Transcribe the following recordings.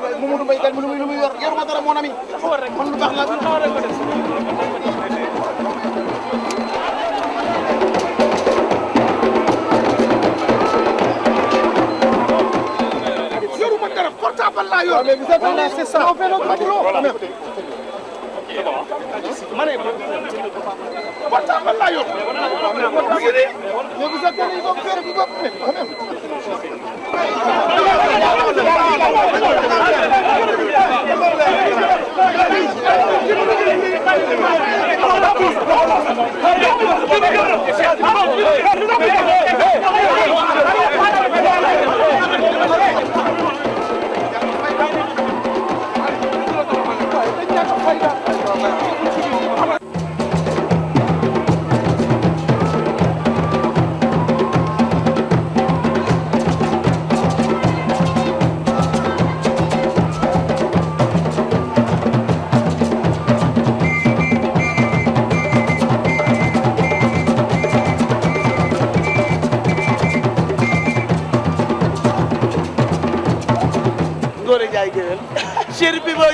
Mamadou Mbaye kan lu muy lu muy yor yoruma dara mon ami man lu baax laa yoruma dara portable laa yor mais vous avez laissé ça on fait notre boulot ma ne portable laa yor mais vous avez laissé ça on fait notre boulot Thank you.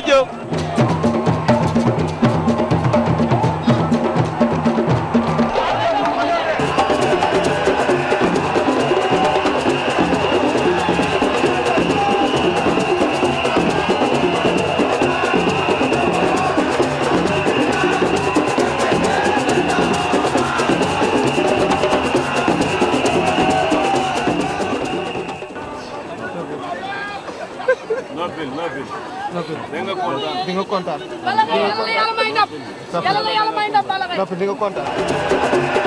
Diop di nga kontaan. yàlla na yàlla may ndam. yàlla na yàlla may ndam bala ngay.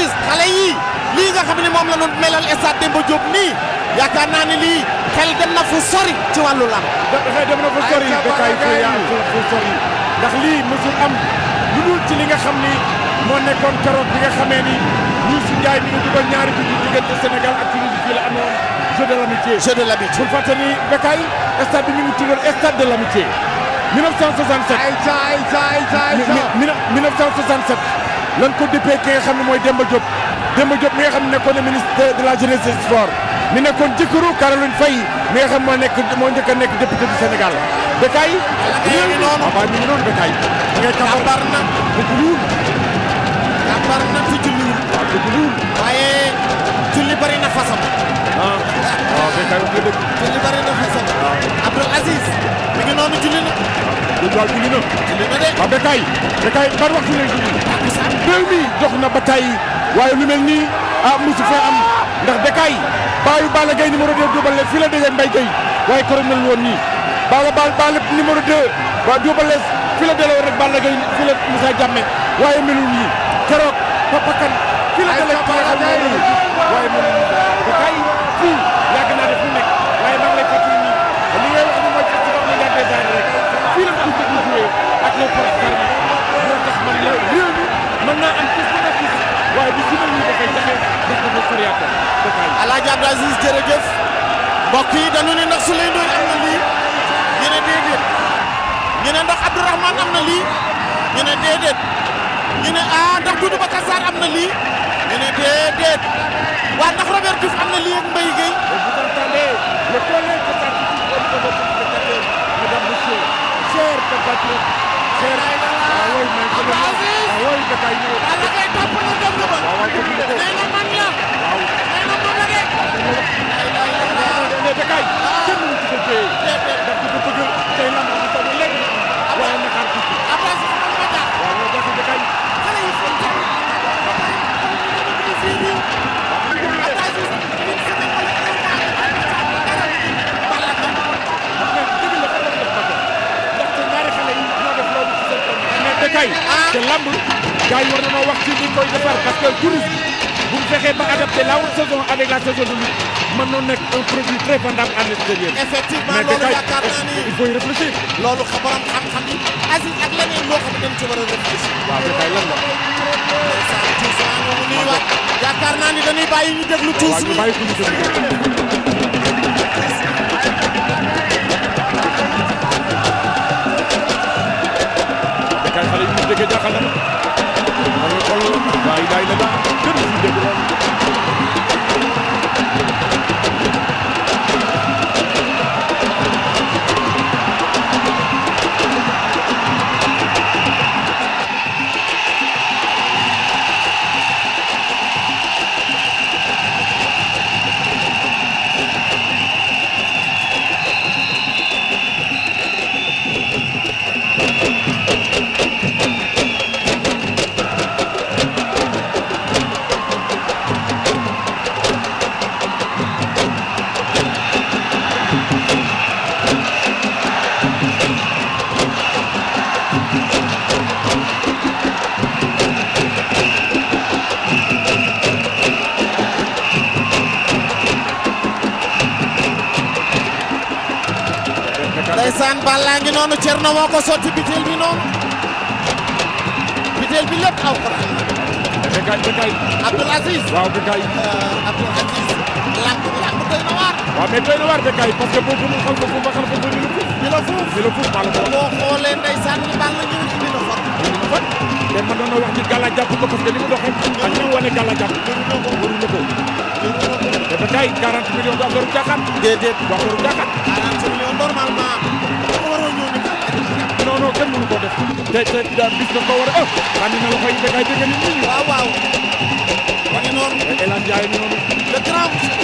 gis xale yii lii nga xam ne moom la ñu melal stade Demba Diop nii yaakaar naa ne lii xel dem na fu sori ci wàllu lam xel dem na fu sori békaay fu ndax lii mësul am lu dul ci li nga xam ni moo nekkoon keroog bi nga xamee ni ñii si Njaay mi ngi dugal ñaari bi diggante Sénégal ak Tunisie fii la amoon jeu de l'amitié jeu de l'amitié bu fàtte ni békaay stade bi ñu ngi tuddoon stade de l'amitié 1967 1967 lan ko dippee ki nga xam ne mooy Demba Diop Demba Diop mi nga xam ne nekkoon na ministre de la jeunesse sport mi nekkoon jëkkëru Caroline Faye mi nga xam moo nekk moo njëkk a nekk député du Sénégal Bécaye léegi noonu waaw ah, mi ngi noonu Bécaye mi ngay taxaw bar bar na fi ci luul waaw na fasam ah waaw ah, Bécaye wax nga dëgg julli bari na fasam ah. Abdoul Aziz mi ngi noonu julli na Géejawaay julli na. julli na de. waaw Bécaye Bécaye ban waxtu lay julli. réew mi dox na ba tey waaye lu mel nii ah mosu fee am ndax Bécaye baayu Balla Gaye numéro 2 Doubalès fii la dajee Mbaye Gueye waaye koro mel woon nii Balla Balla Balla numéro 2 waa Doubalès fii la delloo rek Balla Gaye fii la Moussa Diame waaye melul nii keroog Papa Kane fii la delloo waaye melul nii Bécaye fii. mbokk yi dañu ne ndax Souleye Ndoye am na lii ñu ne déedéet ñu ne ndax Abdourahmane am na lii ñu ne déedéet ñu ndax Doudou Baka am na lii ñu ne waa ndax Robert Diouf am na lii ak Mbaye Gueye. waaw waaw waaw Ndiaye te lamb gars yi war nañoo wax ci li koy defar parce que tourisme bu mu fexee ba adapté la haute saison avec la saison de lutte mën na nekk un produit très vendable à l'extérieur. effectivement loolu yaakaar naa ni il faut y réfléchir. loolu borom xam-xam yi Aziz ak leneen loo xam ne dañ ci war a réfléchir. waaw béykat yi lan la. yaakaar naa ni dañuy bàyyi ñu déglu tuus mi. kay xale yi bu ñu déggee jaaxal na ma. ma ngi xool waaye daay na daal gën a fi dégg loolu. noonu Cerno moo ko sotti bitel bi noonu bitel bi lépp alxuraan bekay bekay Abdoul Aziz waaw bekay euh, Abdoul Aziz làmb làmb doy na waar waaw mais doy na waar bekay parce que boo jëmul xam nga fu ma xam nga ñu ko bi la fuuf bi la fuuf maa la ko boo xoolee ndeysaan ni bal la ñëw ci bi la fot fot te ma doon wax ci gala jàpp ko parce que li mu doxee ak li mu wane gala jàpp waru na ko te bekay 40 millions du affaire jàkkaat déedéet du affaire jàkkaat 40 millions normalement kenn mënu ko def te te daal bis dafa war a ëpp. xam na loxo yi noonu. El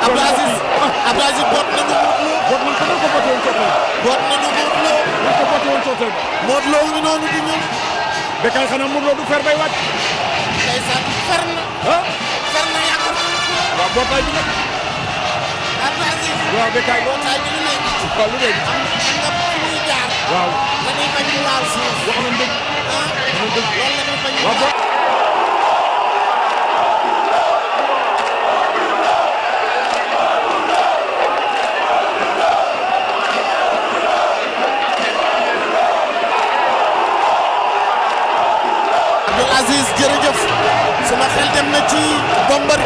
Abdou Aziz Abdou boot na nu Modou boot ko bootee woon boot na nu Modou Lo. buñ ko bootee woon Soteel. Modou Lo ngi noonu du fer bay wàcc. ndeysaan fer na. ah fer na yàgg na. waaw bootaay bi nag. Abdou Aziz. waaw Bécaye bootaay bi lu nekk. waaw lu nekk. am na am na muy jaar. waaw dañuy bañ mu laal suuf. wax nañ dëgg. ah loolu la ñuy bañ mu laal.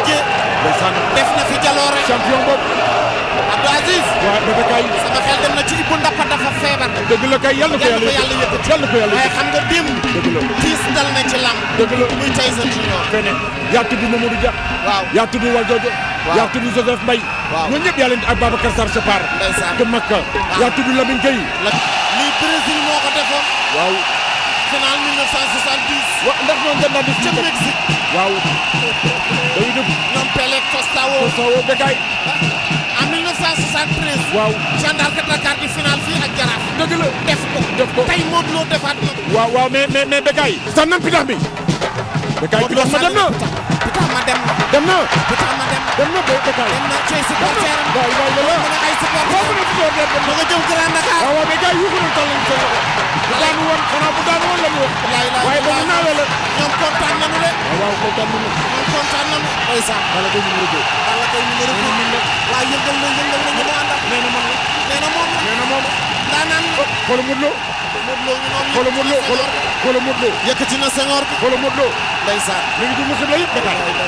mujjee. def na fi jaloore. champion boobu. Abdou Aziz. waaw dafa kay. sama xel dem na ci Ibou Ndapha dafa feebar. dëgg la kay yàlla ko yàlla yëkkati yàlla ko yàlla yëkkati waaye xam nga démb. dëgg la tiis dal na ci lamb. dëgg la muy tey sa junior. feneen yaa tudd Mamadou Dia. waaw yaa tudd Waljojo. waaw yaa tudd Joseph Mbaye. waaw ñooñu ñëpp yaa leen di ak Babacar Sarr Separ. ndeysaan te Makka. waaw yaa tudd Lamine Gueye. lii Brésil moo ko defoon. waaw. final 1970. wa ndax ñoo gën a def ca Mexique. waaw. day def. ñoom Pele Kostaawo. Kostaawo Begay. Ah, en 1973. waaw gendarme Dakar di final fii ak Jaraaf. dëgg la def ko def ko tey Modou Lo defaat ko. waaw waaw mais mais mais Begay. sax nan pitax bi. ma dem na pitax ma dem na. dem na. dem na. dem na Begay. dem na cee supporter am. waay waay waay. mën na ay Mor Diop dem. ma nga jëm Grand Dakar. waaw waaw mais gars yi yuuxu nañu toll nañu seen loxo. bu daanu woon xanaa bu daanu woon la ñu wax. wallaay laay waaye ba mu naawee la. ñoom kontaan nañu de. waaw waaw kontaan nañu. ñoom kontaan nañu. ndeysaan. wala kay numéro deux. wala kay numéro deux. waaw yëngal na yëngal na ñu mu àndal. nee na moom la. nee na moom la. nee na moom la. daanaan. xoolu Modou Lo. Modou Lo ñu noonu. xoolu Modou Lo xoolu xoolu Modou Lo. yëkkati na Senghor bi. xoolu Modou Lo. ndeysaan. mi ngi dund xibla yëpp Dakar.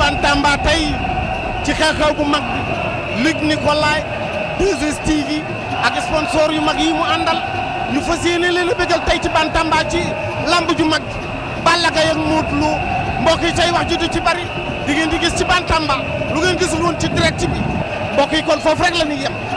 Bantamba tey ci xew-xew bu mag bi Luc Nicolaï 2STV ak sponsor yu mag yi mu àndal ñu fas yéene leen a bégal tey ci Bantamba ci lamb ju mag Balla Gaye ak Modou Lo mbokk yi tey wax ju du ci bari di ngeen di gis ci Bantamba lu ngeen gis woon ci direct bi mbokk kon foofu rek la ñuy yem.